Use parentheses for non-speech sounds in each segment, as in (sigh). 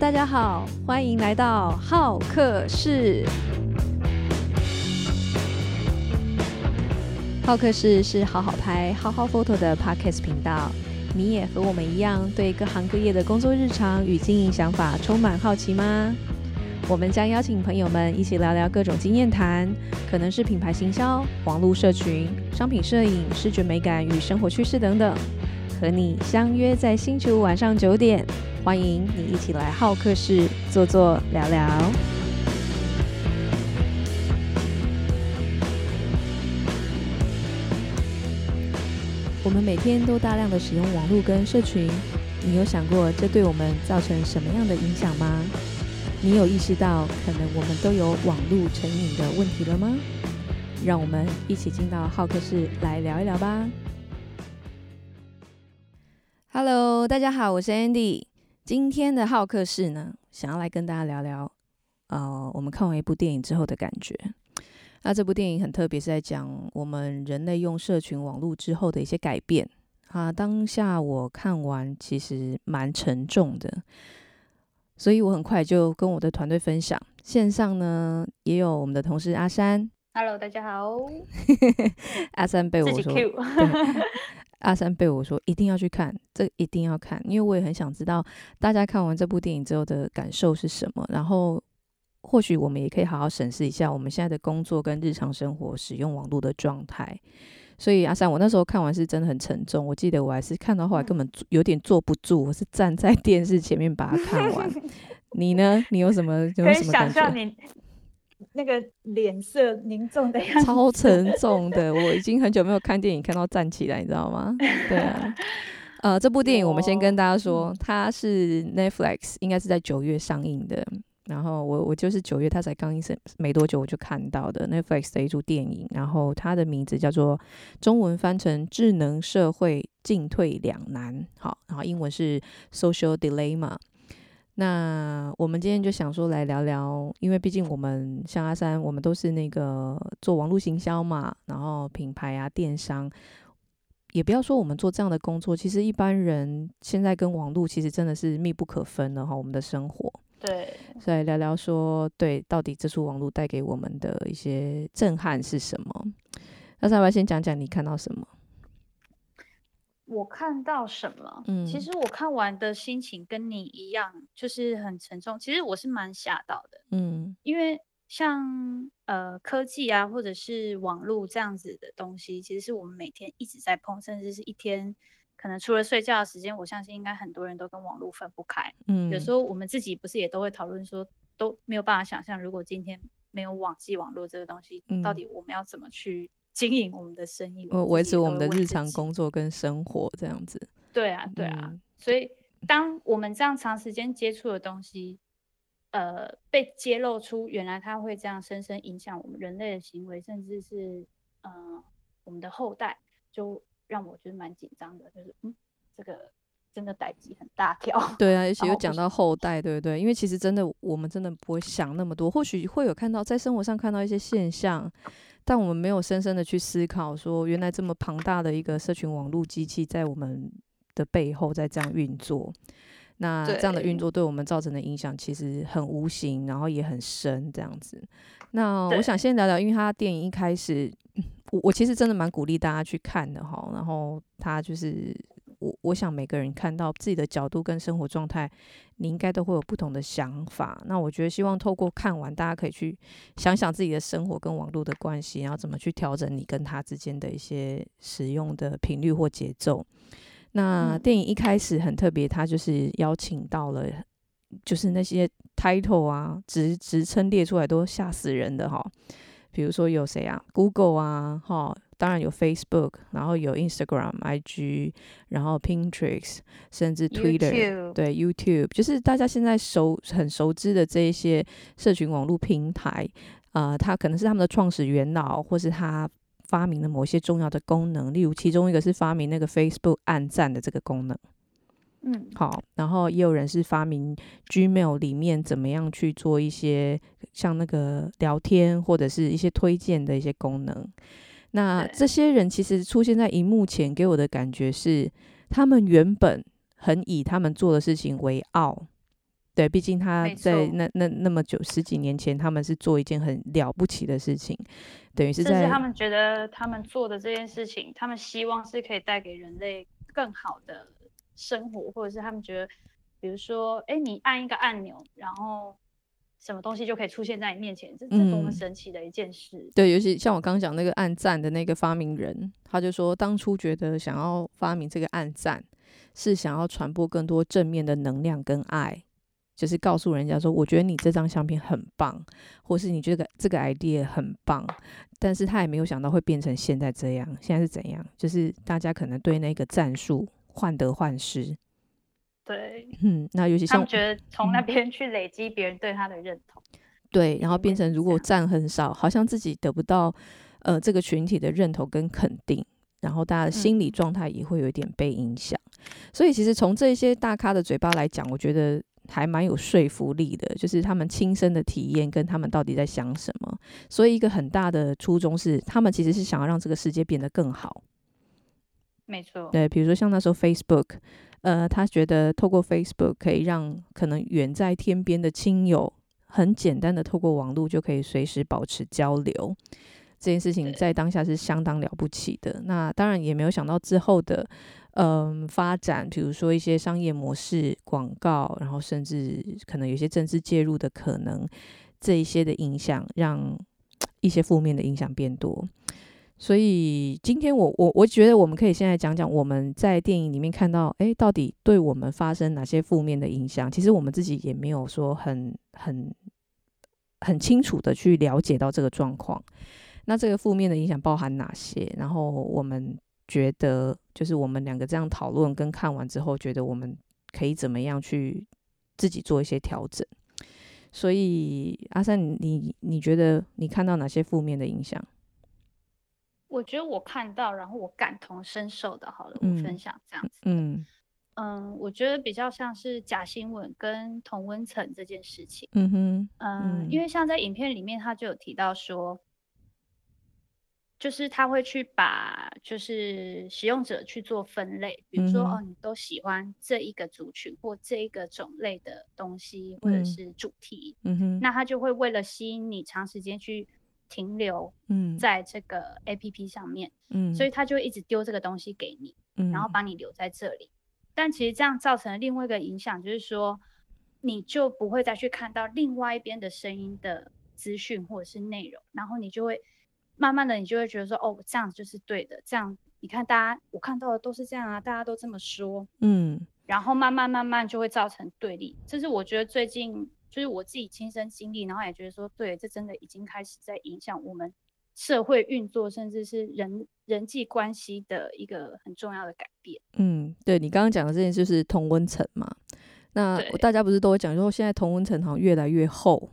大家好，歡迎來到浩客室。浩客室是好好拍、好好 Photo 的 Podcast 頻道。你也和我們一樣對各行各業的工作日常與經營想法充滿好奇嗎？我們將邀請朋友們一起聊聊各種經驗談，可能是品牌行銷、網路社群、商品攝影、視覺美感與生活趨勢等等。和你相約在星期五晚上九點，歡迎你一起來浩克室坐坐聊聊。 (music) 我們每天都大量的使用網絡跟社群，你有想過這對我們造成什麼樣的影響嗎？你有意識到可能我們都有網絡成癮的問題了嗎？讓我們一起進到浩克室來聊一聊吧。Hello，大家好，我是 Andy。今天的好客室呢，想要來跟大家聊聊，呃，我們看完一部電影之後的感覺。那這部電影很特別，是在講我們人類用社群網路之後的一些改變。啊，當下我看完其實蠻沉重的，所以我很快就跟我的團隊分享。線上呢，也有我們的同事阿珊。Hello，大家好。 (laughs) 阿珊被我說 (laughs) 阿三被我說一定要去看，這一定要看，因為我也很想知道大家看完這部電影之後的感受是什麼？然後，或許我們也可以好好審視一下我們現在的工作跟日常生活使用網絡的狀態。所以，阿三，我那時候看完是真的很沉重。我記得我還是看到後來根本有點坐不住，我是站在電視前面把它看完。 (laughs) 你呢？你有什麼？有什麼感覺？可以想象你那個臉色凝重的樣子，超沉重的。 (laughs) 我已經很久沒有看電影看到站起來，你知道嗎？對啊，呃，這部電影我們先跟大家說，有它是 Netflix 應該是在九月上映的。然後我我就是九月，它才剛映審，沒多久，我就看到的 Netflix 的一部電影。然後它的名字叫做中文翻成智能社會進退兩難，好，然後英文是 Social Dilemma。那我們今天就想說來聊聊，因為畢竟我們像阿三，我們都是那個做網絡行銷嘛，然後品牌啊、電商，也不要說我們做這樣的工作，其實一般人現在跟網絡其實真的是密不可分的哈，我們的生活。對。所以聊聊說，對，到底這處網絡帶給我們的一些震撼是什麼？那再來先講講你看到什麼？我看到什麼？嗯，其實我看完的心情跟你一樣，就是很沉重。其實我是蠻嚇到的，嗯，因為像呃科技啊，或者是網絡這樣子的東西，其實是我們每天一直在碰，甚至是一天可能除了睡覺的時間，我相信應該很多人都跟網絡分不開，嗯，有時候我們自己不是也都會討論說，都沒有辦法想象，如果今天沒有網際網絡這個東西，嗯，到底我們要怎麼去？經營我們的生意，維持我們的日常工作跟生活，這樣子。對啊，對啊。嗯、所以，當我們這樣長時間接觸的東西，呃，被揭露出，原來它會這樣深深影響我們人類的行為，甚至是呃，我們的後代，就讓我覺得蠻緊張的。就是，嗯、這個真的代誌很大條。對啊，而且又講到後代，對不對？因為其實真的，我們真的不會想那麼多。或許會有看到，在生活上看到一些現象。嗯但我們沒有深深的去思考，說原來這麼龐大的一個社群網絡機器在我們的背後在這樣運作，那這樣的運作對我們造成的影響其實很無形，然後也很深這樣子。那我想先聊聊，因為他電影一開始，我我其實真的蠻鼓勵大家去看的哈，然後他就是。我我想每個人看到自己的角度跟生活狀態，你應該都會有不同的想法。那我覺得希望透過看完，大家可以去想想自己的生活跟網絡的關係，然後怎麼去調整你跟他之間的一些使用的頻率或節奏。那電影一開始很特別，他就是邀請到了，就是那些 title 啊，職職稱列出來都嚇死人的哈，比如說有誰啊，Google 啊，哈。當然有 Facebook，然後有 Instagram、IG，然後 Pinterest，甚至 Twitter，YouTube 對，YouTube，就是大家現在熟很熟知的這一些社群網絡平台。呃，他可能是他們的創始元老，或是他發明了某些重要的功能，例如其中一個是發明那個 Facebook 按讚的這個功能。嗯，好，然後也有人是發明 Gmail 裡面怎麼樣去做一些像那個聊天或者是一些推薦的一些功能。那這些人其實出現在熒幕前，給我的感覺是，他們原本很以他們做的事情為傲。對，畢竟他在那錯那，那那麼久十幾年前，他們是做一件很了不起的事情，等於是在。甚是是他們覺得他們做的這件事情，他們希望是可以帶給人類更好的生活，或者是他們覺得，比如說，哎、欸，你按一個按鈕，然後。什麼東西就可以出現在你面前，這，這多麼神奇的一件事。嗯，對，尤其像我剛講的那個按讚的那個發明人，他就說當初覺得想要發明這個按讚，是想要傳播更多正面的能量跟愛，就是告訴人家說，我覺得你這張相片很棒，或是你覺得這個 idea 很棒。但是他也沒有想到會變成現在這樣，現在是怎樣？就是大家可能對那個讚數患得患失。對，嗯，那尤其是他們覺得從那邊去累積別人對他的認同、嗯，對，然後變成如果讚很少，好像自己得不到呃這個群體的認同跟肯定，然後大家的心理狀態也會有一點被影響。嗯，所以其實從這些大咖的嘴巴來講，我覺得還蠻有說服力的，就是他們親身的體驗跟他們到底在想什麼。所以一個很大的初衷是，他們其實是想要讓這個世界變得更好。沒錯。對，比如說像那時候 Facebook。呃，他覺得透過 Facebook 可以讓可能遠在天邊的親友很簡單的透過網絡就可以隨時保持交流，這件事情在當下是相當了不起的。那當然也沒有想到之後的嗯、呃、發展，比如說一些商業模式、廣告，然後甚至可能有些政治介入的可能，這一些的影響讓一些負面的影響變多。所以今天我我我覺得我們可以先來講講我們在電影裡面看到，誒，到底對我們發生哪些負面的影響？其實我們自己也沒有說很很很清楚的去了解到這個狀況。那這個負面的影響包含哪些？然後我們覺得，就是我們兩個這樣討論跟看完之後，覺得我們可以怎麼樣去自己做一些調整。所以阿三，你你覺得你看到哪些負面的影響？我覺得我看到，然後我感同身受的，好了，我分享這樣子嗯。嗯嗯，我覺得比較像是假新聞跟同溫層這件事情。嗯哼，嗯，嗯，因為像在影片裡面，他就有提到說，就是他會去把就是使用者去做分類，比如說，嗯，哦，你都喜歡這一個族群或這一個種類的東西或者是主題。嗯，嗯哼，那他就會為了吸引你長時間去。停留嗯，在這個 APP 上面嗯，所以他就一直丟這個東西給你，嗯、然後把你留在這裡。嗯、但其實這樣造成了另外一個影響，就是說，你就不會再去看到另外一邊的聲音的資訊或者是內容，然後你就會慢慢的，你就會覺得說，哦，這樣就是對的，這樣你看大家我看到的都是這樣啊，大家都這麼說，嗯，然後慢慢慢慢就會造成對立。這是我覺得最近。就是我自己親身經歷，然後也覺得說，對，這真的已經開始在影響我們社會運作，甚至是人人際關係的一個很重要的改變。嗯，對你剛剛講的這件事，就是同溫層嘛。那對大家不是都會講說，現在同溫層好像越來越厚。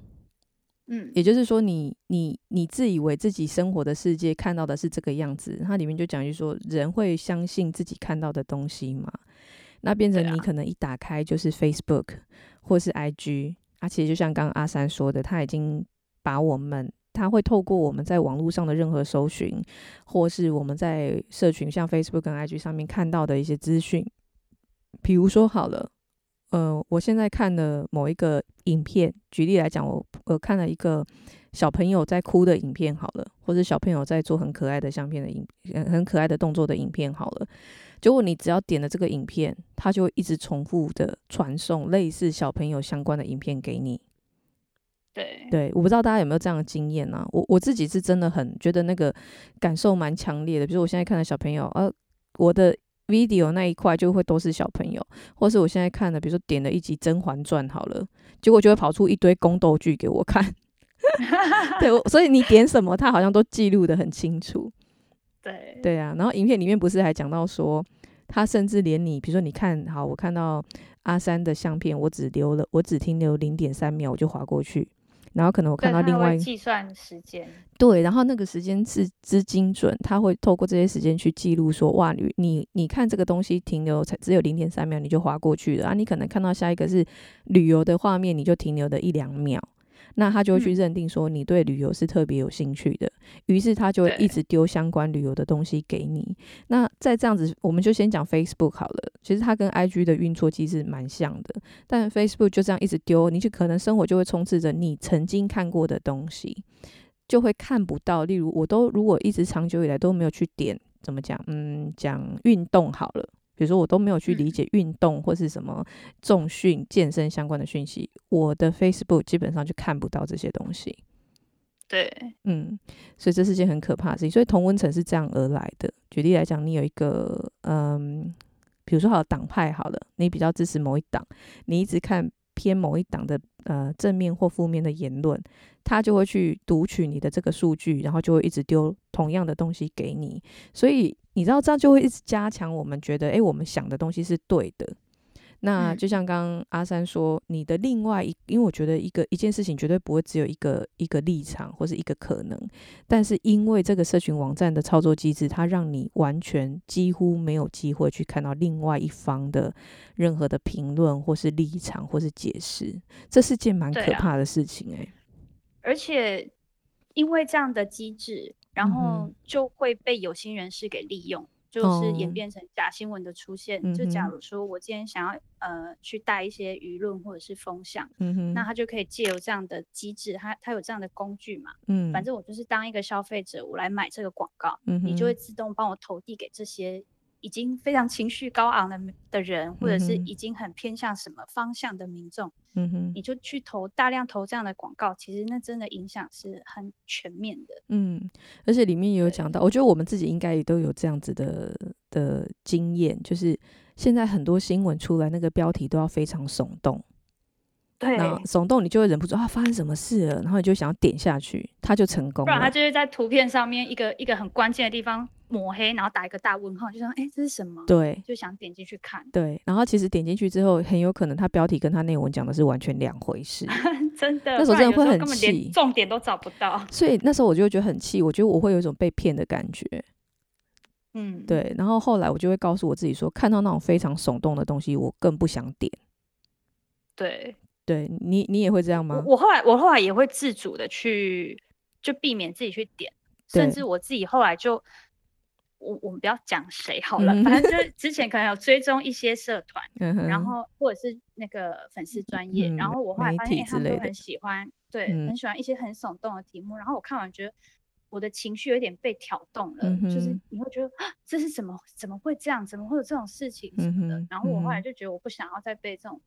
嗯，也就是說，你、你、你自以為自己生活的世界看到的是這個樣子。它裡面就講，就是說，人會相信自己看到的東西嘛。那變成你可能一打開就是 Facebook 或是 IG。對啊。啊、其實就像剛剛阿三說的，他已經把我們，他會透過我們在網絡上的任何搜尋，或是我們在社群像 Facebook 跟 IG 上面看到的一些資訊，比如說好了，呃，我現在看了某一個影片，舉例來講，我我、呃、看了一個小朋友在哭的影片，好了，或是小朋友在做很可愛的相片的影，呃、很可愛的動作的影片，好了。結果你只要點了這個影片，它就會一直重複的傳送類似小朋友相關的影片給你。對對，我不知道大家有沒有這樣的經驗呢、啊？我我自己是真的很覺得那個感受蠻強烈的。比如我現在看的小朋友，呃、啊，我的 video 那一塊就會都是小朋友，或是我現在看的，比如說點了一集《甄嬛傳》好了，結果就會跑出一堆宮鬥劇給我看。 (laughs) (laughs) 對，所以你點什麼，它好像都記錄得很清楚。對對啊，然後影片裡面不是還講到說。他甚至連你，比如說你看好，我看到阿三的相片，我只留了，我只停留零點三秒，我就滑過去。然後可能我看到另外一個，計算時間，對，然後那個時間是之，之精準，他會透過這些時間去記錄說，哇，你你你看這個東西停留才只有零點三秒，你就滑過去了啊。你可能看到下一個是旅遊的畫面，你就停留的一兩秒。那他就會去認定說你對旅遊是特別有興趣的。於、嗯、是他就會一直丟相關旅遊的東西給你。對那在這樣子，我們就先講 Facebook 好了。其實它跟 IG 的運作機制蠻像的，但 Facebook 就這樣一直丟，你就可能生活就會充斥着你曾經看過的東西，就會看不到。例如，我都如果一直長久以來都沒有去點，怎麼講？嗯，講運動好了。比如說，我都沒有去理解運動或是什麼重訓、健身相關的訊息，我的 Facebook 基本上就看不到這些東西。對，嗯，所以這是件很可怕的事情。所以同溫層是這樣而來的。舉例來講，你有一個，嗯，比如說好黨派好了，你比較支持某一黨，你一直看。偏某一黨的呃正面或負面的言論，他就會去讀取你的這個數據，然後就會一直丟同樣的東西給你，所以你知道這樣就會一直加強我們覺得，哎、欸，我們想的東西是對的。那就像剛剛阿三說，你的另外一，嗯、因為我覺得一個一件事情絕對不會只有一個一個立場或是一個可能，但是因為這個社群網站的操作機制，它讓你完全幾乎沒有機會去看到另外一方的任何的評論或是立場或是解釋，這是件蠻可怕的事情誒、欸。而且因為這樣的機制，然後就會被有心人士給利用。嗯就是演變成假新聞的出現，嗯、哼就假如說我今天想要呃去帶一些輿論或者是風向，嗯、哼那他就可以借由這樣的機制，他他有這樣的工具嘛，嗯、反正我就是當一個消費者，我來買這個廣告，嗯、哼你就會自動幫我投遞給這些。已經非常情緒高昂的人，或者是已經很偏向什麼方向的民眾，嗯哼，你就去投大量投這樣的廣告，其實那真的影響是很全面的。嗯，而且裡面也有講到，對我覺得我們自己應該也都有這樣子的的經驗，就是現在很多新聞出來，那個標題都要非常聳動，對，聳動你就會忍不住啊，發生什麼事了，然後你就想要點下去，他就成功。不然他就是在圖片上面一個一個很關鍵的地方。抹黑，然後打一個大問號，就像“哎、欸，這是什麼？”對，就想點進去看。對，然後其實點進去之後，很有可能他標題跟他內文講的是完全兩回事。 (laughs) 真的，那時候真的會很氣，根本連重點都找不到。所以那時候我就覺得很氣，我覺得我會有一種被騙的感覺。嗯，對。然後後來我就會告訴我自己說：“看到那種非常聳動的東西，我更不想點。”對，對你，你也會這樣嗎？我，我後來，我後來也會自主的去，就避免自己去點，對甚至我自己後來就。我我們不要講誰好了，嗯、反正就是之前可能有追蹤一些社團， (laughs) 然後或者是那個粉絲專頁，嗯嗯、然後我後來發現、欸、他們都很喜歡，對，嗯、很喜歡一些很聳動的題目，然後我看完覺得我的情緒有點被挑動了，嗯、哼就是你會覺得、啊、這是怎麼怎麼會這樣，怎麼會有這種事情、嗯、哼什麼的，然後我後來就覺得我不想要再被這種。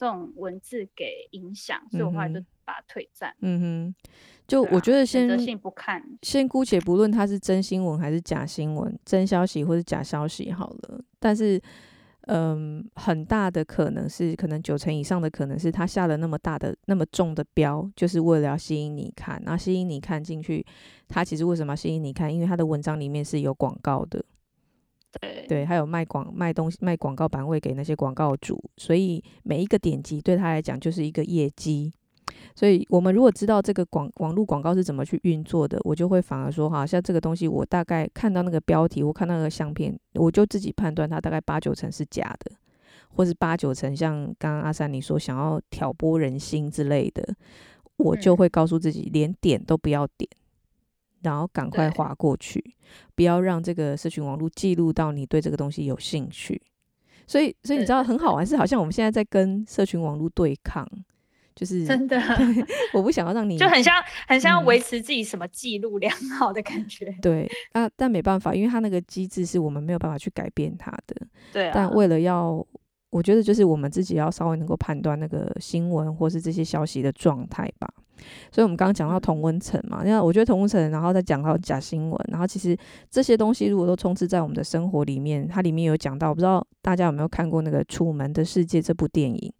這種文字給影響，所以我後來就把它退站。嗯哼,就我覺得先選擇性不看,先姑且不論它是真新聞還是假新聞,真消息或是假消息好了。但是，嗯，很大的可能是，可能九成以上的可能是他下了那麼大的、那麼重的標，就是為了要吸引你看。然後吸引你看進去，他其實為什麼要吸引你看？因為他的文章裡面是有廣告的。對，還有賣廣賣東西賣廣告版位給那些廣告主，所以每一個點擊對他來講就是一個業績。所以我們如果知道這個廣網絡廣告是怎麼去運作的，我就會反而說，哈，像這個東西，我大概看到那個標題，我看到那個相片，我就自己判斷它大概八九成是假的，或是八九成像剛剛阿三你說想要挑撥人心之類的，我就會告訴自己，連點都不要點。嗯然後趕快滑過去，對不要讓這個社群網絡記錄到你對這個東西有興趣。所以，所以你知道很好玩是，好像我們現在在跟社群網絡對抗，就是真的， (laughs) 我不想要讓你就很像很像維持自己什麼記錄良好的感覺。嗯、對、啊、但沒辦法，因為它那個機制是我們沒有辦法去改變它的。對啊。但為了要，我覺得就是我們自己要稍微能夠判斷那個新聞或是這些消息的狀態吧。所以，我們剛剛講到同溫層嘛，因為我覺得同溫層，然後再講到假新聞，然後其實這些東西如果都充斥在我們的生活裡面，它裡面有講到，我不知道大家有沒有看過那個《楚門的世界》這部電影？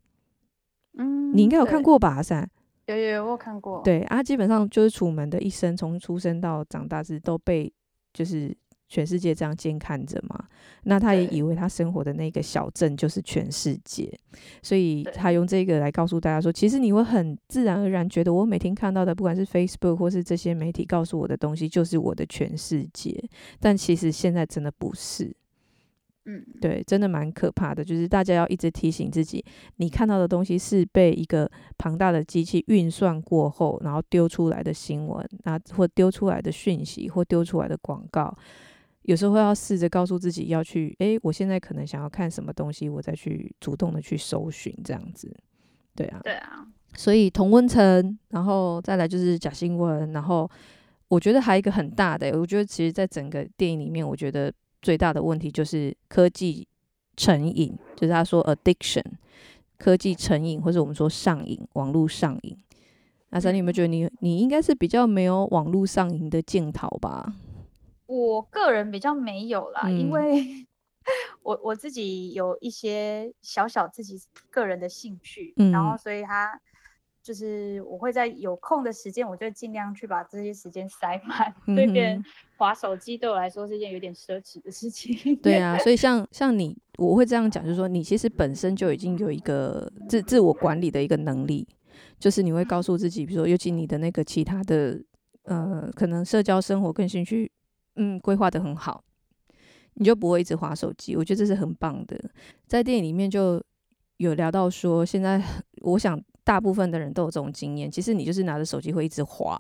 嗯，你應該有看過吧？是對？啊、有有有，我看過。對啊，基本上就是楚門的一生，從出生到長大是都被就是。全世界這樣監看着嘛？那他也以為他生活的那個小鎮就是全世界，所以他用這個來告訴大家說，其實你會很自然而然覺得，我每天看到的，不管是 Facebook 或是這些媒體告訴我的東西，就是我的全世界。但其實現在真的不是，嗯，對，真的蠻可怕的。就是大家要一直提醒自己，你看到的東西是被一個龐大的機器運算過後，然後丟出來的新聞，啊，或丟出來的訊息，或丟出來的廣告。有時候會要試着告訴自己要去，哎、欸，我現在可能想要看什麼東西，我再去主動的去搜尋這樣子，對啊，對啊。所以同溫層，然後再來就是假新聞，然後我覺得還有一個很大的、欸，我覺得其實在整個電影裡面，我覺得最大的問題就是科技成癮，就是他說 addiction 科技成癮，或者我們說上癮，網絡上癮。阿三，你有沒有覺得你你應該是比較沒有網絡上癮的鏡頭吧？我個人比較沒有啦，嗯、因為我我自己有一些小小自己個人的興趣，嗯、然後所以他就是我會在有空的時間，我就盡量去把這些時間塞滿。對面滑手機對我來說是一件有點奢侈的事情。對啊， (laughs) 所以像像你，我會這樣講，就是說你其實本身就已經有一個自自我管理的一個能力，就是你會告訴自己，比如說尤其你的那個其他的呃，可能社交生活跟興趣。嗯，規劃的很好，你就不會一直滑手機。我覺得這是很棒的。在電影裡面就有聊到說，現在我想大部分的人都有這種經驗。其實你就是拿着手機會一直滑，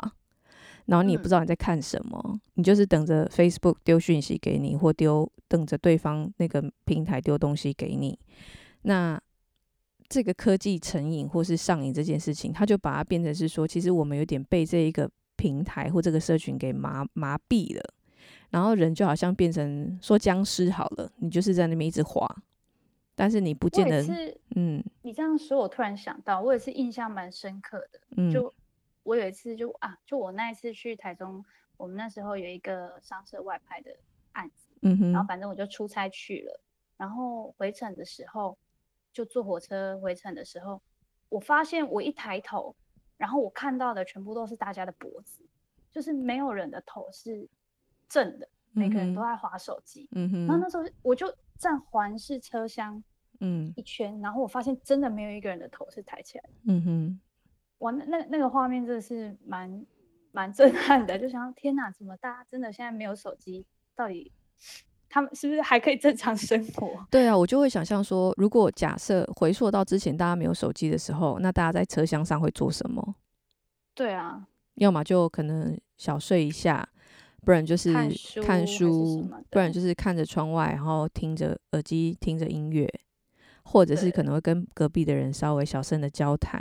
然後你也不知道你在看什麼，嗯、你就是等着 Facebook 丟訊息給你，或丟等着對方那個平台丟東西給你。那這個科技成癮或是上癮這件事情，他就把它變成是說，其實我們有點被這一個平台或這個社群給麻麻痹了。然後人就好像變成說僵屍好了，你就是在那邊一直滑，但是你不見得，一次嗯，你這樣說，我突然想到，我也是印象蠻深刻的，嗯，就我有一次就啊，就我那一次去台中，我們那時候有一個商攝外拍的案子，嗯哼，然後反正我就出差去了，然後回程的時候就坐火車回程的時候，我發現我一抬頭，然後我看到的全部都是大家的脖子，就是沒有人的頭是。真的，每個人都在滑手機。嗯哼，然後那時候我就在環視車廂，嗯，一圈，嗯、然後我發現真的沒有一個人的頭是抬起來。嗯哼，哇，那那那個畫面真的是蠻蠻震撼的，就想天哪、啊，怎麼大家真的現在沒有手機，到底他們是不是還可以正常生活？對啊，我就會想象說，如果假設回溯到之前大家沒有手機的時候，那大家在車廂上會做什麼？對啊，要麼就可能小睡一下。不然就是看書，不然就是看着窗外，然後聽着耳機聽着音樂，或者是可能會跟隔壁的人稍微小聲的交談，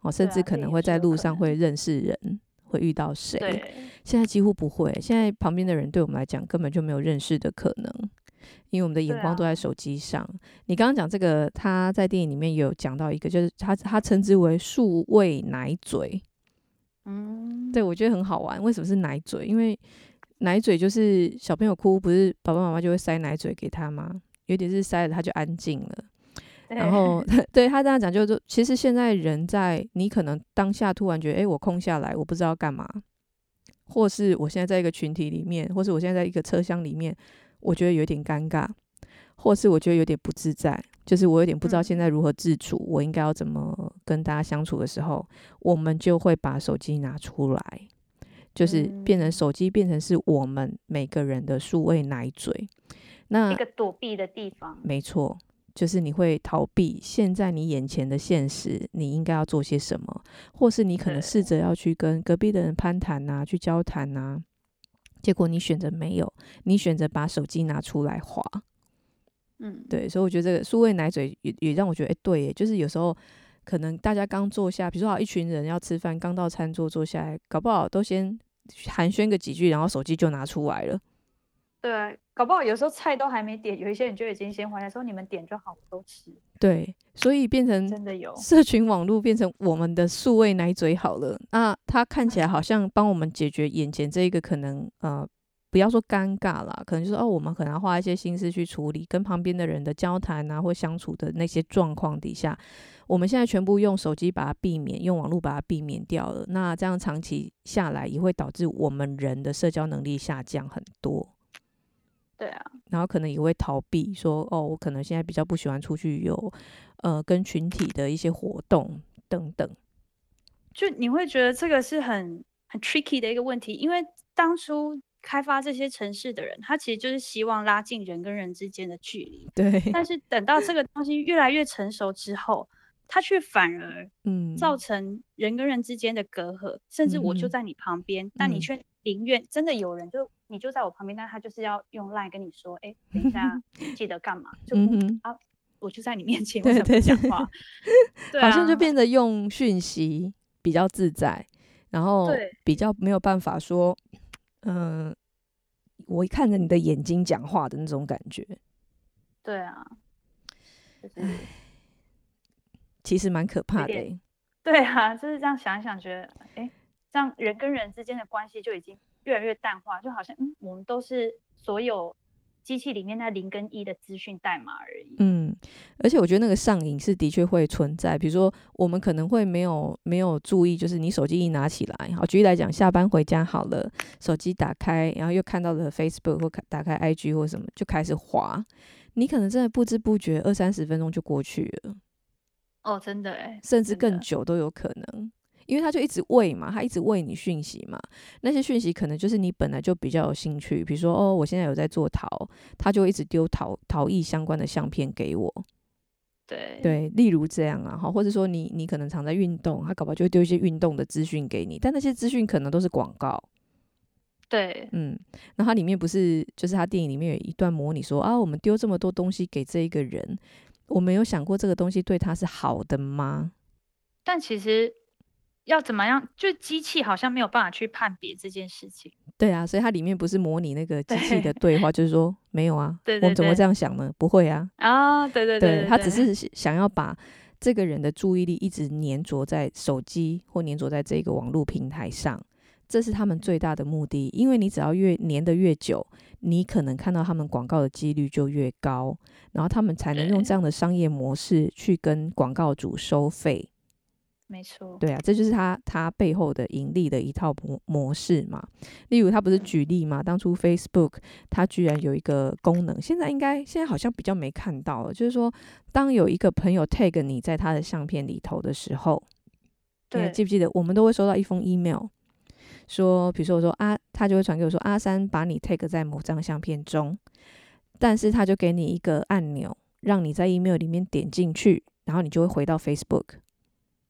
啊、哦，甚至可能會在路上會認識人，啊、會遇到誰？對現在幾乎不會，現在旁邊的人對我們來講根本就沒有認識的可能，因為我們的眼光都在手機上。啊、你剛剛講這個，他在電影裡面有講到一個，就是他他稱之為數位奶嘴。嗯，對，我覺得很好玩。為什麼是奶嘴？因為奶嘴就是小朋友哭，不是爸爸媽媽就會塞奶嘴給他嗎？有點是塞了，他就安靜了。對然後他對他這樣講就說，就是其實現在人在，你可能當下突然覺得，哎，我空下來，我不知道幹嘛，或是我現在在一個群體裡面，或是我現在在一個車廂裡面，我覺得有點尷尬，或是我覺得有點不自在。就是我有點不知道現在如何自處，嗯、我應該要怎麼跟大家相處的時候，我們就會把手機拿出來，就是變成手機變成是我們每個人的數位奶嘴，那一個躲避的地方。沒錯，就是你會逃避現在你眼前的現實，你應該要做些什麼，或是你可能試着要去跟隔壁的人攀談吶、啊，去交談吶、啊，結果你選擇沒有，你選擇把手機拿出來滑。嗯，對，所以我覺得這個數位奶嘴也也讓我覺得，哎、欸，對耶，就是有時候可能大家剛坐下，比如說好一群人要吃飯，剛到餐桌坐下來，搞不好都先寒暄個幾句，然後手機就拿出來了。對，搞不好有時候菜都還沒點，有一些人就已經先回來，說你們點就好，我都吃。對，所以變成真的有社群網絡變成我們的數位奶嘴好了，那它看起來好像幫我們解決眼前這一個可能、呃不要說尷尬了，可能就是哦，我們可能要花一些心思去處理跟旁邊的人的交談啊，或相處的那些狀況底下，我們現在全部用手機把它避免，用網絡把它避免掉了。那這樣長期下來，也會導致我們人的社交能力下降很多。對啊，然後可能也會逃避說哦，我可能現在比較不喜歡出去有呃跟群體的一些活動等等。就你會覺得這個是很很 tricky 的一個問題，因為當初，開發這些程式的人，他其實就是希望拉近人跟人之間的距離。對。但是等到這個東西越來越成熟之後，他卻反而嗯，造成人跟人之間的隔閡。嗯、甚至我就在你旁邊，嗯、哼但你卻寧願真的有人、嗯、就你就在我旁邊，但他就是要用賴跟你說，哎、欸，等一下 (laughs) 你記得幹嘛？就、嗯、哼啊，我就在你面前，我怎麼講話？對，好像就變得用訊息比較自在，然後對比較沒有辦法說。嗯、呃，我一看着你的眼睛講話的那種感覺，對啊，就是、唉、其實蠻可怕的、欸，對啊，就是這樣想一想，覺得哎、欸，這樣人跟人之間的關係就已經越來越淡化，就好像嗯，我們都是所有。機器裡面那零跟一的資訊代碼而已。嗯，而且我覺得那個上癮是的確會存在。比如說，我們可能會沒有沒有注意，就是你手機一拿起來，好，舉例來講，下班回家好了，手機打開，然後又看到了 Facebook 或打開 IG 或什麼，就開始滑。你可能真的不知不覺，二三十分鐘就過去了。哦，真的哎、欸，真的。甚至更久都有可能。因為他就一直餵嘛，他一直餵你訊息嘛，那些訊息可能就是你本來就比較有興趣，比如說哦，我現在有在做陶，他就一直丟陶陶藝相關的相片給我，對對，例如這樣啊，好，或者說你你可能常在運動，他搞不好就會丟一些運動的資訊給你，但那些資訊可能都是廣告，對，嗯，那他裡面不是就是他電影裡面有一段模擬說啊，我們丟這麼多東西給這一個人，我沒有想過這個東西對他是好的嗎？但其實。要怎麼樣？就機器好像沒有辦法去判別這件事情。對啊，所以它裡面不是模擬那個機器的對話，對就是說沒有啊。對，對對，我們怎麼會這樣想呢？不會啊。啊，oh, 對對對，對，他只是想要把這個人的注意力一直黏着在手機或黏着在這個網絡平台上，這是他們最大的目的。因為你只要越黏得越久，你可能看到他們廣告的幾率就越高，然後他們才能用這樣的商業模式去跟廣告主收費。沒錯，對啊，這就是他他背後的盈利的一套模模式嘛。例如，他不是舉例嘛，嗯、當初 Facebook 他居然有一個功能，現在應該現在好像比較沒看到了。就是說，當有一個朋友 tag 你在他的相片裡頭的時候，對，你還記不記得我們都會收到一封 email，說，比如說我說啊，他就會傳給我說阿三把你 tag 在某張相片中，但是他就給你一個按鈕，讓你在 email 裡面點進去，然後你就會回到 Facebook。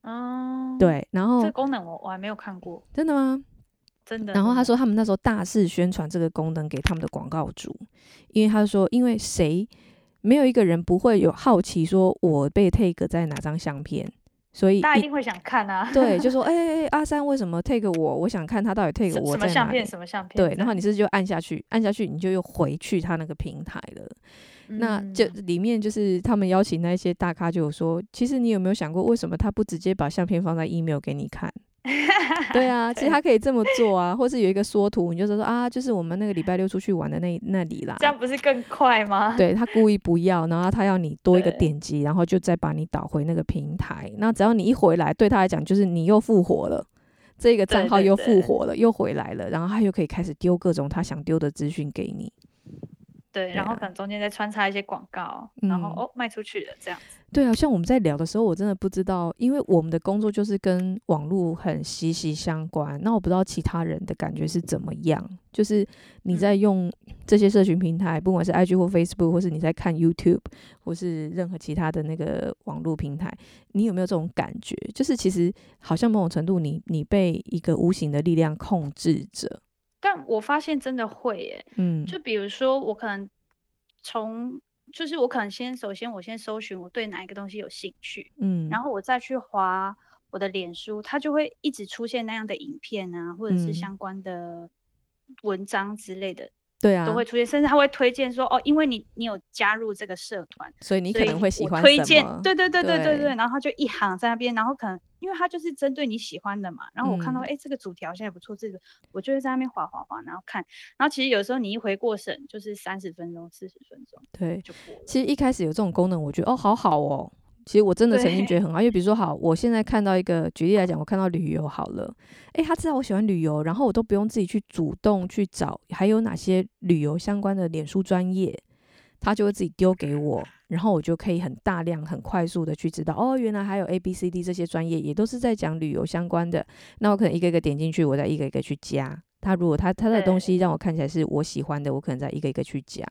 哦，嗯、對，然後這個功能我我還沒有看過，真的嗎？真的。然後他說他們那時候大肆宣傳這個功能給他們的廣告主，因為他說，因為誰沒有一個人不會有好奇，說我被 tag 在哪張相片，所以大家一定會想看啊。 (laughs) 對，就說哎，哎、欸欸，阿三為什麼 tag 我？我想看他到底 tag 我什麼相片，什麼相片？對，樣然後你是不是就按下去，按下去你就又回去他那個平台了。那就裡面就是他們邀請那些大咖，就有說：“其實你有沒有想過，為什麼他不直接把相片放在 email 給你看？對啊，其實他可以這麼做啊，或是有一個縮圖，你就說說啊，就是我們那個禮拜六出去玩的那那裡啦。這樣不是更快嗎？對，他故意不要，然後他要你多一個點擊，然後就再把你導回那個平台。那只要你一回來，對他來講就是你又復活了，這個賬號又復活了，又回來了，然後他又可以開始丟各種他想丟的資訊給你。”對，然後可能中間再穿插一些廣告，嗯、然後哦賣出去了這樣。對啊，像我們在聊的時候，我真的不知道，因為我們的工作就是跟網絡很息息相關。那我不知道其他人的感覺是怎麼樣，就是你在用這些社群平台，嗯、不管是 IG 或 Facebook，或是你在看 YouTube，或是任何其他的那個網絡平台，你有沒有這種感覺？就是其實好像某種程度你，你你被一個無形的力量控制着。但我發現真的會誒、欸，嗯，就比如說我可能從，就是我可能先首先我先搜尋我對哪一個東西有興趣，嗯，然後我再去滑我的臉書，它就會一直出現那樣的影片啊，或者是相關的文章之類的。嗯對啊，都會出現，甚至他會推薦說，哦，因為你你有加入這個社團，所以你可能會喜歡推薦。對對對對對對，然後他就一行在那邊，然後可能因為他就是針對你喜歡的嘛，然後我看到哎、嗯欸，這個主題好像也不錯，這個我就會在那邊滑滑滑，然後看，然後其實有時候你一回過神，就是三十分鐘、四十分鐘，對，就過了。其實一開始有這種功能，我覺得哦，好好哦。其實我真的曾經覺得很好，因為比如說，好，我現在看到一個，舉例來講，我看到旅遊好了，哎、欸，他知道我喜歡旅遊，然後我都不用自己去主動去找，還有哪些旅遊相關的臉書專頁，他就會自己丟給我，然後我就可以很大量、很快速的去知道，哦，原來還有 A、B、C、D 這些專頁也都是在講旅遊相關的，那我可能一個一個點進去，我再一個一個去加。他如果他他的東西讓我看起來是我喜歡的，我可能再一個一個去加。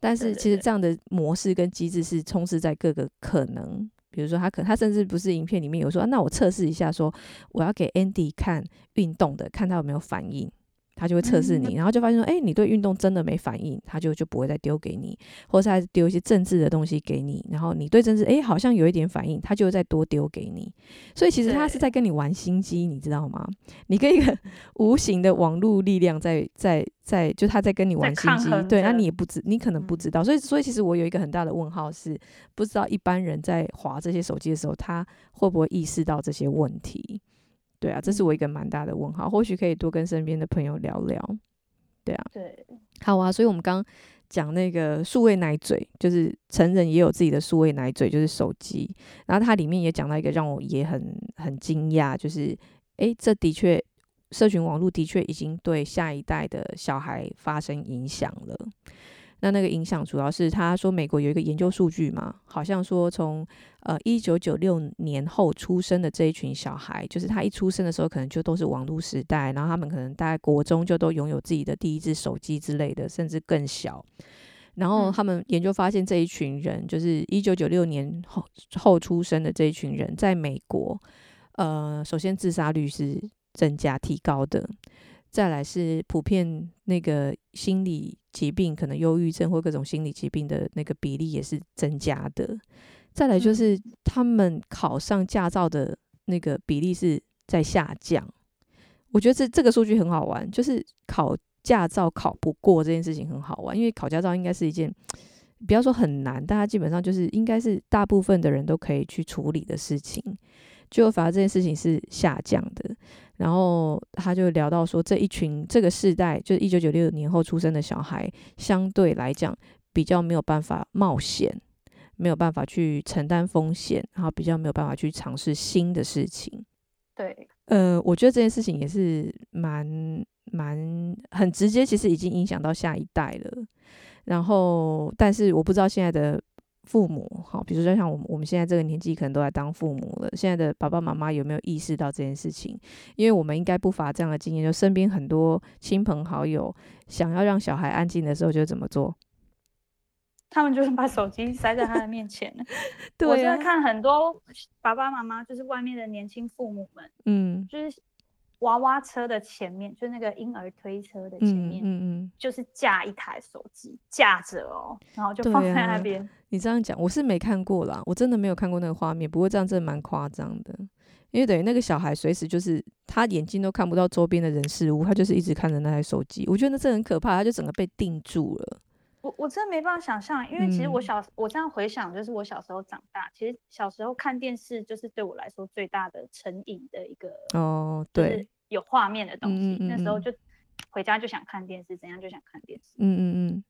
但是其實這樣的模式跟機制是充斥在各個可能，比如說他可他甚至不是影片裡面有說，啊，那我測試一下，說我要給 Andy 看運動的，看他有沒有反應。他就會測試你，然後就發現說，哎，你對運動真的沒反應，他就就不會再丟給你，或是他丟一些政治的東西給你，然後你對政治，哎，好像有一點反應，他就會再多丟給你。所以其實他是在跟你玩心機，對你知道嗎？你跟一個無形的網絡力量在在在、在，就他在跟你玩心機，對，那你也不知，你可能不知道。所以所以其實我有一個很大的問號是，不知道一般人在滑這些手機的時候，他會不會意識到這些問題？對啊，這是我一個蠻大的問號，或許可以多跟身邊的朋友聊聊。對啊，對，好啊，所以我們剛講那個數位奶嘴，就是成人也有自己的數位奶嘴，就是手機。然後它裡面也講到一個讓我也很很驚訝，就是欸，這的確，社群網絡的確已經對下一代的小孩發生影響了。那那個影響主要是他說美國有一個研究數據嘛，好像說從呃一九九六年後出生的這一群小孩，就是他一出生的時候可能就都是網路時代，然後他們可能大概國中就都擁有自己的第一只手機之類的，甚至更小。然後他們研究發現這一群人，就是一九九六年後後出生的這一群人，在美國，呃，首先自殺率是增加提高的。再來是普遍那個心理疾病，可能憂鬱症或各種心理疾病的那個比例也是增加的。再來就是他們考上駕照的那個比例是在下降。我覺得這這個數據很好玩，就是考駕照考不過這件事情很好玩，因為考駕照應該是一件不要說很難，大家基本上就是應該是大部分的人都可以去處理的事情，就反而這件事情是下降的。然後他就聊到說，這一群這個世代，就是一九九六年後出生的小孩，相對來講比較沒有辦法冒險，沒有辦法去承擔風險，然後比較沒有辦法去嘗試新的事情。對，呃，我覺得這件事情也是蠻蠻很直接，其實已經影響到下一代了。然後，但是我不知道現在的。父母，好，比如說像我我們現在這個年紀，可能都來當父母了。現在的爸爸媽媽有沒有意識到這件事情？因為我們應該不乏這樣的經驗，就身邊很多親朋好友想要讓小孩安靜的時候，就怎麼做？他們就是把手機塞在他的面前。 (laughs) 對啊，我現在看很多爸爸媽媽，就是外面的年輕父母們，嗯，就是。娃娃車的前面，就那個嬰兒推車的前面，嗯嗯，就是架一台手機架着哦、喔，然後就放在那邊、啊。你這樣講，我是沒看過啦，我真的沒有看過那個畫面。不過這樣真的蠻誇張的，因為等於那個小孩隨時就是他眼睛都看不到周邊的人事物，他就是一直看着那台手機。我覺得這很可怕，他就整個被定住了。我真的沒辦法想象，因為其實我小、嗯、我這樣回想，就是我小時候長大，其實小時候看電視就是對我來說最大的成癮的一個哦，對，有畫面的東西，嗯嗯嗯，那時候就回家就想看電視，怎樣就想看電視，嗯嗯嗯。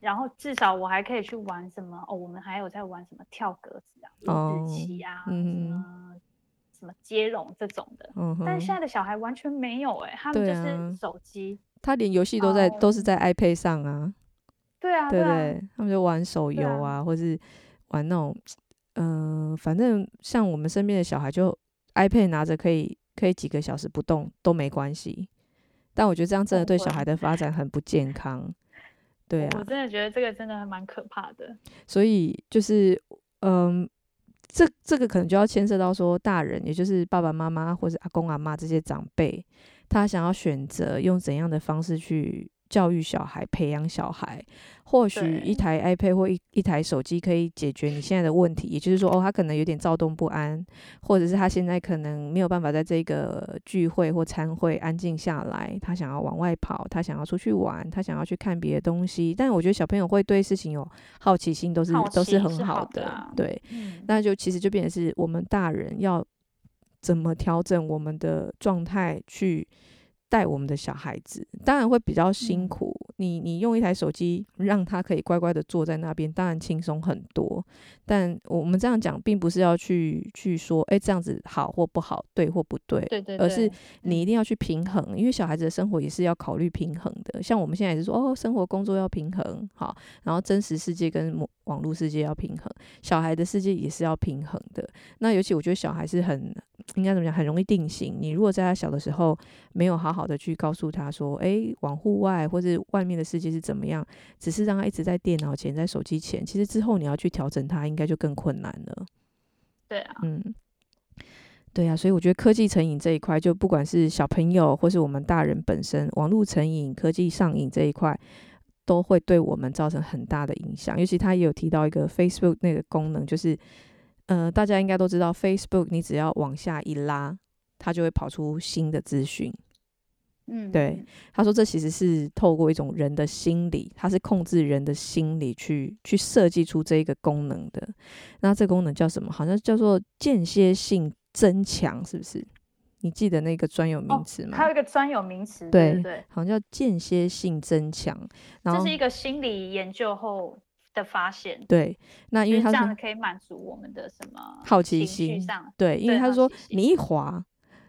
然後至少我還可以去玩什麼哦，我們還有在玩什麼跳格子啊、日期啊、哦、什麼嗯嗯，什麼接龍這種的，哦、呵但現在的小孩完全沒有哎、欸，他們就是手機、啊，他連遊戲都在後都是在 iPad 上啊。對啊，對對，對啊、他們就玩手遊啊，啊或是玩那種，嗯、呃，反正像我們身邊的小孩，就 iPad 拿着可以可以幾個小時不動都沒關係，但我覺得這樣真的對小孩的發展很不健康，對啊、欸，我真的覺得這個真的還蠻可怕的。所以就是，嗯、呃，這這個可能就要牽涉到說，大人，也就是爸爸媽媽或者阿公阿嬤這些長輩，他想要選擇用怎樣的方式去。教育小孩、培養小孩，或許一台 iPad 或一一台手機可以解決你現在的問題。也就是說，哦，他可能有點躁動不安，或者是他現在可能沒有辦法在這個聚會或餐會安靜下來，他想要往外跑，他想要出去玩，他想要去看別的東西。但我覺得小朋友會對事情有好奇心，都是，好奇是都是很好的，好的啊。對，嗯。那就其實就變成是我們大人要怎麼調整我們的狀態去。帶我們的小孩子，當然會比較辛苦。嗯。你你用一台手機讓他可以乖乖的坐在那邊，當然輕鬆很多。但我們這樣講，並不是要去去說，欸，這樣子好或不好，對或不對，對對對。而是你一定要去平衡，因為小孩子的生活也是要考慮平衡的。像我們現在也是說，哦，生活工作要平衡，好，然後真實世界跟網絡世界要平衡，小孩的世界也是要平衡的。那尤其我覺得小孩是很應該怎麼講，很容易定型。你如果在他小的時候沒有好好的去告訴他說，欸，往戶外或者外面。面的世界是怎麼樣？只是讓他一直在電腦前，在手機前。其實之後你要去調整他，應該就更困難了。對啊，嗯，對啊，所以我覺得科技成癮這一塊，就不管是小朋友，或是我們大人本身，網路成癮、科技上癮這一塊，都會對我們造成很大的影響。尤其他也有提到一個 Facebook 那個功能，就是，呃，大家應該都知道，Facebook 你只要往下一拉，它就會跑出新的資訊。嗯，對，他說，這其實是透過一種人的心理，他是控制人的心理去去設計出這一個功能的。那這功能叫什麼？好像叫做間歇性增強，是不是？你記得那個專有名詞嗎？還、哦、有一個專有名詞，對對，對對好像叫間歇性增強。然後這是一個心理研究後的發現。對，那因為他這樣子可以滿足我們的什麼好奇心。對，因為他說對你一滑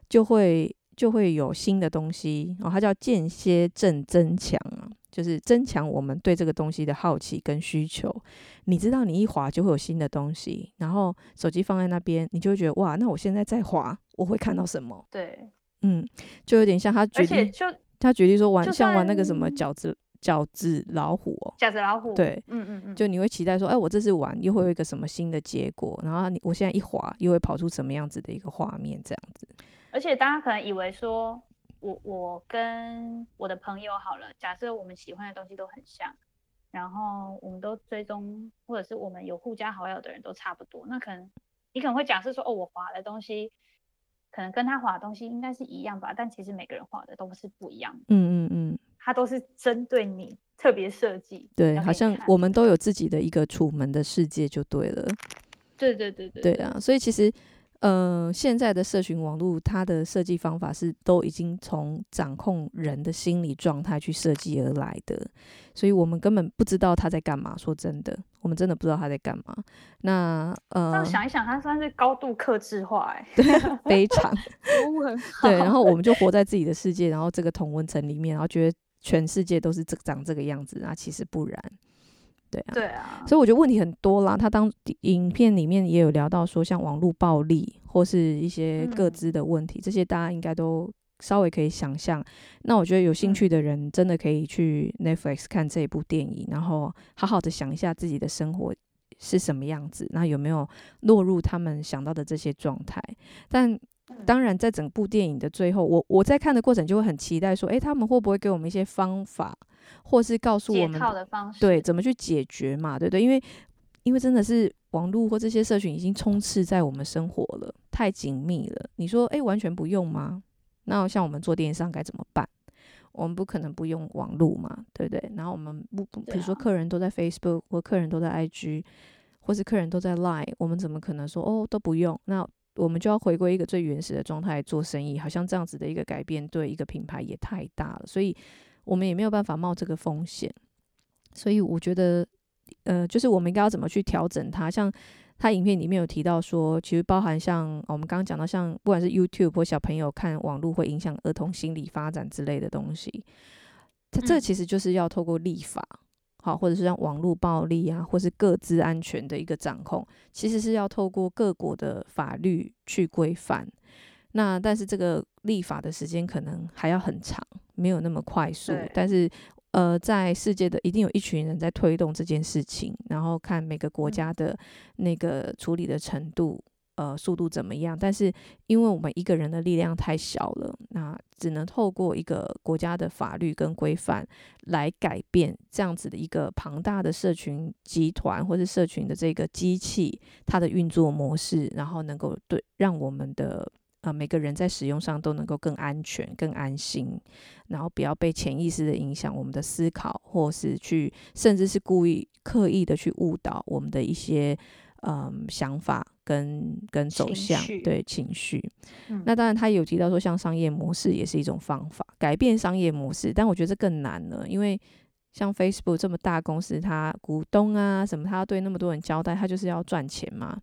就會。就會有新的東西然後、哦、它叫間歇性增強啊，就是增強我們對這個東西的好奇跟需求。你知道，你一滑就會有新的東西，然後手機放在那邊，你就會覺得哇，那我現在再滑，我會看到什麼？對，嗯，就有點像他決定，就他決定說玩，算像玩那個什麼餃子餃子,、哦、餃子老虎，餃子老虎，對，嗯嗯嗯，就你會期待說，哎，我這次玩又會有一個什麼新的結果，然後你我現在一滑，又會跑出什麼樣子的一個畫面這樣子。而且大家可能以為說，我我跟我的朋友好了，假設我們喜歡的東西都很像，然後我們都追蹤或者是我們有互加好友的人都差不多，那可能你可能會假設說，哦，我滑的東西可能跟他滑的東西應該是一樣吧，但其實每個人滑的都是不一樣的。嗯嗯嗯。他都是針對你特別設計。對，好像我們都有自己的一個楚門的世界就對了。對，對對對對。對啊，所以其實。嗯、呃，現在的社群網絡，它的設計方法是都已經從掌控人的心理狀態去設計而來的，所以我們根本不知道他在幹嘛。說真的，我們真的不知道他在幹嘛。那呃，這想一想，它算是高度客製化、欸，哎 (laughs) ，非常對，然後我們就活在自己的世界，然後這個同溫層裡面，然後覺得全世界都是這長這個樣子，那其實不然。對啊，對啊，所以我覺得問題很多啦。他當影片裡面也有聊到說，像網絡暴力或是一些個資的問題，嗯、這些大家應該都稍微可以想象。那我覺得有興趣的人真的可以去 Netflix 看這一部電影，嗯、然後好好的想一下自己的生活是什麼樣子，那有沒有落入他們想到的這些狀態？但當然，在整部電影的最後，我我在看的過程就會很期待說，哎、欸，他們會不會給我們一些方法？或是告訴我們，對，怎麼去解決嘛，對對，因為因為真的是網絡或這些社群已經充斥在我們生活了，太緊密了。你說，哎、欸，完全不用嗎？那像我們做電商該怎麼辦？我們不可能不用網絡嘛，對不對？然後我們不，啊、比如說客人都在 Facebook，或客人都在 IG，或是客人都在 Line，我們怎麼可能說哦都不用？那我們就要回歸一個最原始的狀態做生意。好像這樣子的一個改變，對一個品牌也太大了，所以。我們也沒有辦法冒這個風險，所以我覺得，呃，就是我們應該要怎麼去調整它。像他影片裡面有提到說，其實包含像、哦、我們剛剛講到，像不管是 YouTube 或小朋友看網絡會影響兒童心理發展之類的東西，這、嗯、這其實就是要透過立法，好，或者是像網絡暴力啊，或是個資安全的一個掌控，其實是要透過各國的法律去規範。那但是這個立法的時間可能還要很長，沒有那麼快速。對但是，呃，在世界的一定有一群人在推動這件事情，然後看每個國家的那個處理的程度，呃，速度怎麼樣。但是，因為我們一個人的力量太小了，那只能透過一個國家的法律跟規範來改變這樣子的一個龐大的社群集團或是社群的這個機器它的運作模式，然後能夠對讓我們的。啊、呃，每個人在使用上都能夠更安全、更安心，然後不要被潛意識的影響我們的思考，或是去，甚至是故意刻意的去誤導我們的一些嗯、呃、想法跟跟走向。情緒。對，情緒，嗯、那當然他有提到說，像商業模式也是一種方法，改變商業模式，但我覺得這更難了，因為像 Facebook 這麼大公司，它股東啊什麼，它要對那麼多人交代，它就是要賺錢嘛。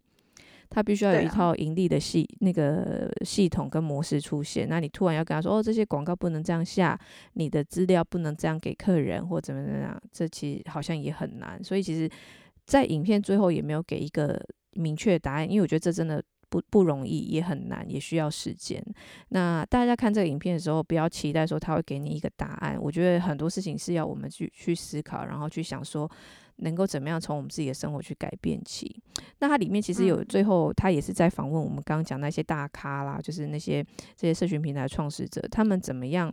他必須要有一套盈利的系、啊、那個系統跟模式出現，那你突然要跟他說，哦，這些廣告不能這樣下，你的資料不能這樣給客人或怎麼怎麼樣，這其實好像也很難。所以其實，在影片最後也沒有給一個明確的答案，因為我覺得這真的不不容易，也很難，也需要時間。那大家看這個影片的時候，不要期待說他會給你一個答案。我覺得很多事情是要我們去去思考，然後去想說。能夠怎麼樣從我們自己的生活去改變起？那它裡面其實有最後，他也是在訪問我們剛剛講那些大咖啦，就是那些這些社群平台的創始者，他們怎麼樣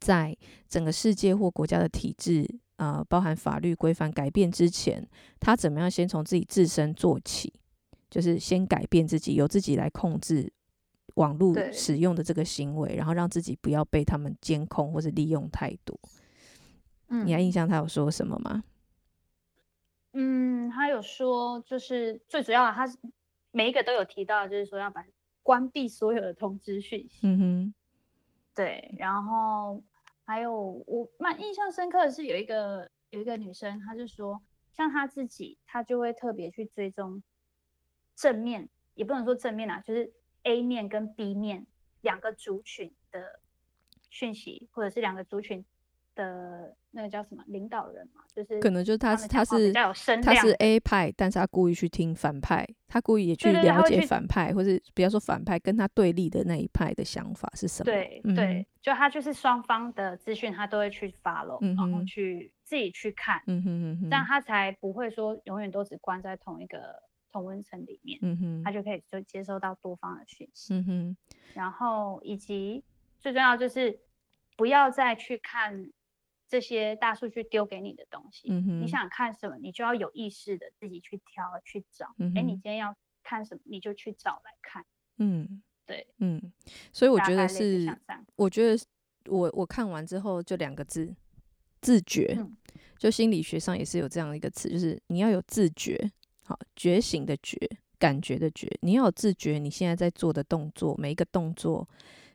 在整個世界或國家的體制啊，呃，包含法律規範改變之前，他怎麼樣先從自己自身做起，就是先改變自己，由自己來控制網絡使用的這個行為，對然後讓自己不要被他們監控或是利用太多。嗯，你還印象他有說什麼嗎？嗯，他有說就是最主要的，他是每一個都有提到，就是說要把關閉所有的通知訊息。嗯哼，對，然後還有我蠻印象深刻的是，有一個有一個女生，她就說像她自己，她就會特別去追蹤正面，也不能說正面啊，就是 A 面跟 B 面兩個族群的訊息，或者是兩個族群的。那個叫什麼領導人嘛，就是可能就是他是他是比較有聲量，他是 A 派，但是他故意去聽反派，他故意也去了解反派，對對對，或是比方說反派跟他對立的那一派的想法是什麼？對、嗯、對，就他就是雙方的資訊他都會去 follow，然後去、嗯、哼自己去看，這樣、嗯嗯、他才不會說永遠都只關在同一個同溫層裡面，嗯、哼他就可以就接收到多方的信息。嗯、哼然後以及最重要就是不要再去看。這些大數據丟給你的東西，嗯、哼你想看什麼，你就要有意識的自己去挑去找。哎、嗯哼，欸、你今天要看什麼，你就去找來看。嗯，對，嗯，所以我覺得是，我覺得我我看完之後就兩個字，自覺。嗯、就心理學上也是有這樣一個詞，就是你要有自覺，好，覺醒的覺，感覺的覺，你要有自覺，你現在在做的動作，每一個動作，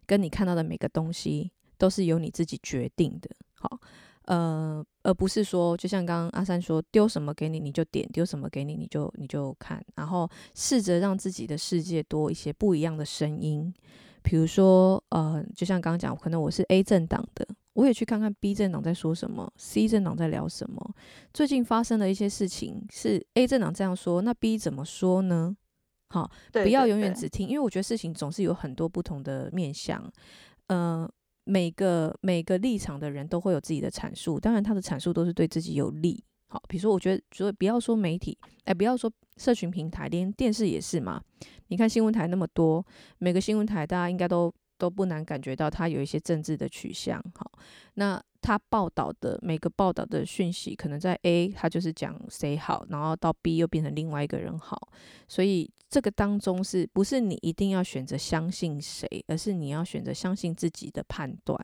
跟你看到的每個東西，都是由你自己決定的。好，呃，而不是說，就像剛剛阿三說，丟什麼給你你就點，丟什麼給你你就你就看，然後試着讓自己的世界多一些不一樣的聲音。比如說，呃，就像剛剛講，可能我是 A 政黨的，我也去看看 B 政黨在說什麼，C 政黨在聊什麼。最近發生了一些事情是 A 政黨這樣說，那 B 怎麼說呢？好，對對對，不要永遠只聽，因為我覺得事情總是有很多不同的面向，嗯、呃。每個每個立場的人都會有自己的闡述，當然他的闡述都是對自己有利。好，比如說我覺得，所以不要說媒體，誒、哎，不要說社群平台，連電視也是嘛。你看新聞台那麼多，每個新聞台大家應該都都不難感覺到它有一些政治的取向。好，那他報道的每個報道的訊息，可能在 A 他就是講誰好，然後到 B 又變成另外一個人好，所以。這個當中是不是你一定要選擇相信誰，而是你要選擇相信自己的判斷？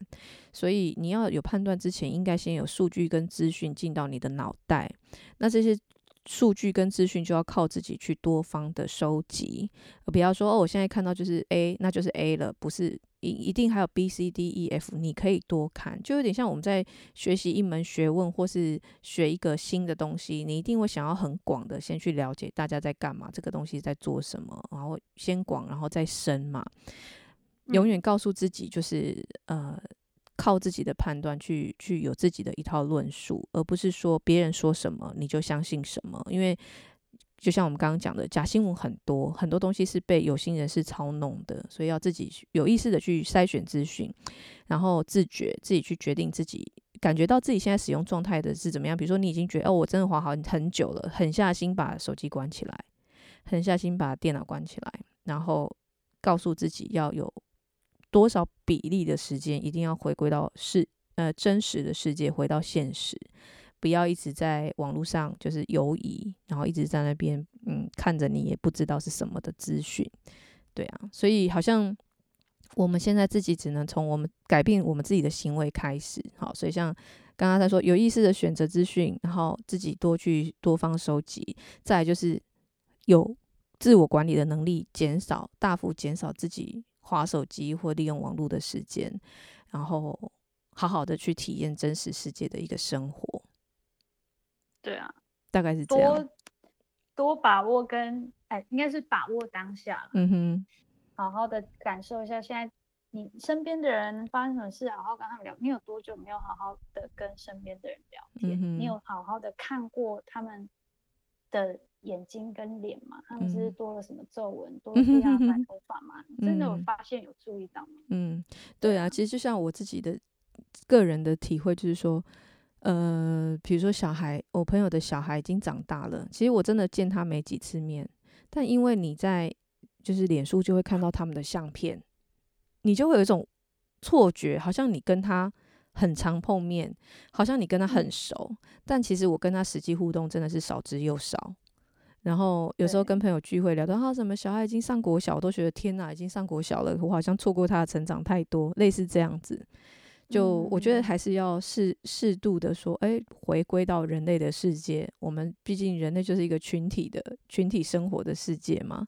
所以你要有判斷之前，應該先有數據跟資訊進到你的腦袋。那這些數據跟資訊就要靠自己去多方的收集，而不要說哦，我現在看到就是 A，那就是 A 了，不是。一一定還有 B C D E F，你可以多看，就有點像我們在學習一門學問或是學一個新的東西，你一定會想要很廣的先去了解大家在幹嘛，這個東西在做什麼，然後先廣然後再深嘛。嗯。永遠告訴自己就是呃，靠自己的判斷去去有自己的一套論述，而不是說別人說什麼你就相信什麼，因為。就像我們剛剛講的，假新聞很多，很多東西是被有心人士操弄的，所以要自己有意識的去篩選資訊，然後自覺自己去決定自己感覺到自己現在使用狀態的是怎麼樣。比如說，你已經覺得哦，我真的滑好很久了，狠下心把手機關起來，狠下心把電腦關起來，然後告訴自己要有多少比例的時間一定要回歸到世呃真實的世界，回到現實。不要一直在網絡上就是游移，然後一直在那邊嗯看着你也不知道是什麼的資訊，對啊，所以好像我們現在自己只能從我們改變我們自己的行為開始。好，所以像剛剛他說有意識的選擇資訊，然後自己多去多方收集，再來就是有自我管理的能力，減少大幅減少自己滑手機或利用網絡的時間，然後好好的去體驗真實世界的一個生活。對啊，大概是這樣。多，多把握跟哎、欸，應該是把握當下了。嗯哼，好好的感受一下現在你身邊的人發生什麼事，好好跟他們聊。你有多久沒有好好的跟身邊的人聊天？嗯、哼你有好好的看過他們的眼睛跟臉嗎？嗯、哼他們是，不是多了什麼皺紋，多掉白頭髮嗎？嗯、哼真的，有發現、嗯、哼有注意到嗎？嗯，對啊，其實就像我自己的個人的體會，就是說，呃，比如說小孩，我朋友的小孩已經長大了。其實我真的見他沒幾次面，但因為你在就是臉書就會看到他們的相片，你就會有一種錯覺，好像你跟他很常碰面，好像你跟他很熟。嗯、但其實我跟他實際互動真的是少之又少。然後有時候跟朋友聚會聊到他對、啊、什麼小孩已經上國小，我都覺得天哪，已經上國小了，我好像錯過他的成長太多，類似這樣子。就我覺得還是要適適度的說，哎、欸，回歸到人類的世界，我們畢竟人類就是一個群體的群體生活的世界嘛。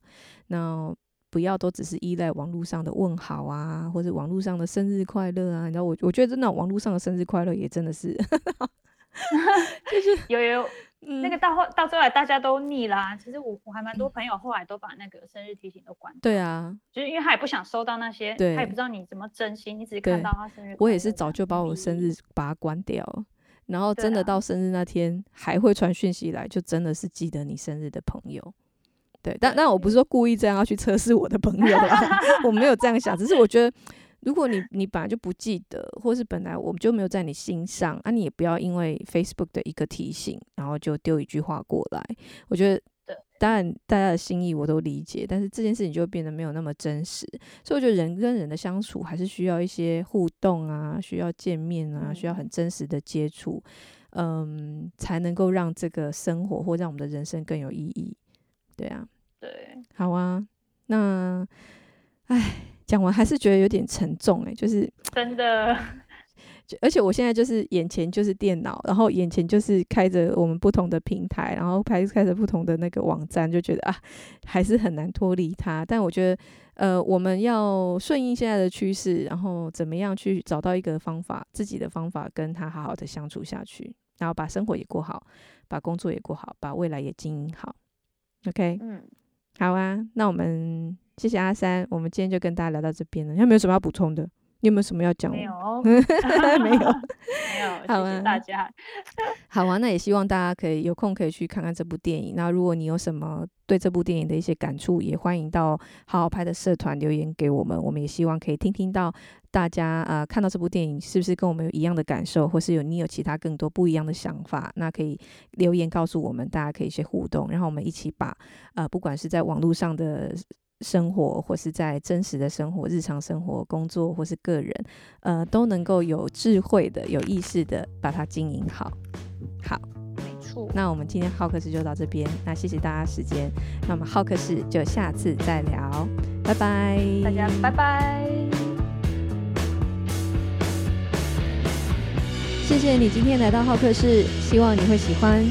那不要都只是依賴網絡上的問好啊，或者網絡上的生日快樂啊。你知道我，我我覺得真的網絡上的生日快樂也真的是 (laughs) 就是 (laughs) 有有嗯、那個到後到後來大家都膩啦，啊，其實我我還蠻多朋友後來都把那個生日提醒都關掉。嗯、對啊，就是因為他也不想收到那些，對他也不知道你怎麼真心，你只是看到他生日。我也是早就把我生日把它關掉，嗯，然後真的到生日那天，啊，還會傳訊息來，就真的是記得你生日的朋友。對，對，但但我不是說故意這樣要去測試我的朋友啦， (laughs) (laughs) 我沒有這樣想，只是我覺得。如果你你本來就不記得，或是本來我們就沒有在你心上，啊，你也不要因為 Facebook 的一個提醒，然後就丟一句話過來。我覺得，當然大家的心意我都理解，但是這件事情就變得沒有那麼真實。所以我覺得人跟人的相處還是需要一些互動啊，需要見面啊，嗯、需要很真實的接觸，嗯，才能夠讓這個生活或讓我們的人生更有意義。對啊，對，好啊，那，唉。講完還是覺得有點沉重誒，就是真的，而且我現在就是眼前就是電腦，然後眼前就是開着我們不同的平台，然後開開着不同的那個網站，就覺得啊，還是很難脫離它。但我覺得，呃，我們要順應現在的趨勢，然後怎麼樣去找到一個方法，自己的方法跟他好好的相處下去，然後把生活也過好，把工作也過好，把未來也經營好。OK，嗯，好啊，那我們。謝謝阿三，我們今天就跟大家聊到這邊了。你有沒有什麼要補充的？你有沒有什麼要講？沒有、哦、 (laughs) 沒有， (laughs) 好啊、沒有。謝謝大家。 (laughs) 好啊、啊啊、那也希望大家可以有空可以去看看這部電影。那如果你有什麼對這部電影的一些感觸，也歡迎到好好拍的社團留言給我們。我們也希望可以聽聽到大家呃看到這部電影是不是跟我們有一樣的感受，或是有你有其他更多不一樣的想法，那可以留言告訴我們。大家可以一些互動，然後我們一起把呃不管是在網絡上的，生活，或是在真實的生活、日常生活、工作，或是個人，呃，都能夠有智慧的、有意識的把它經營好。好，沒錯。那我們今天浩克室就到這邊，那謝謝大家時間。那我們浩克室就下次再聊，拜拜。大家拜拜。謝謝你今天來到浩克室，希望你會喜歡，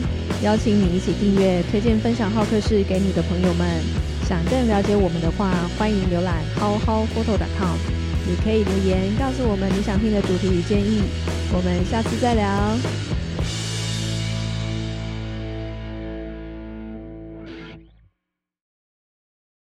邀請你一起訂閱、推薦、分享浩克室給你的朋友們。想更了解我們的話，歡迎瀏覽 HowHowPhoto.com。你可以留言告訴我們你想聽的主題與建議。我們下次再聊。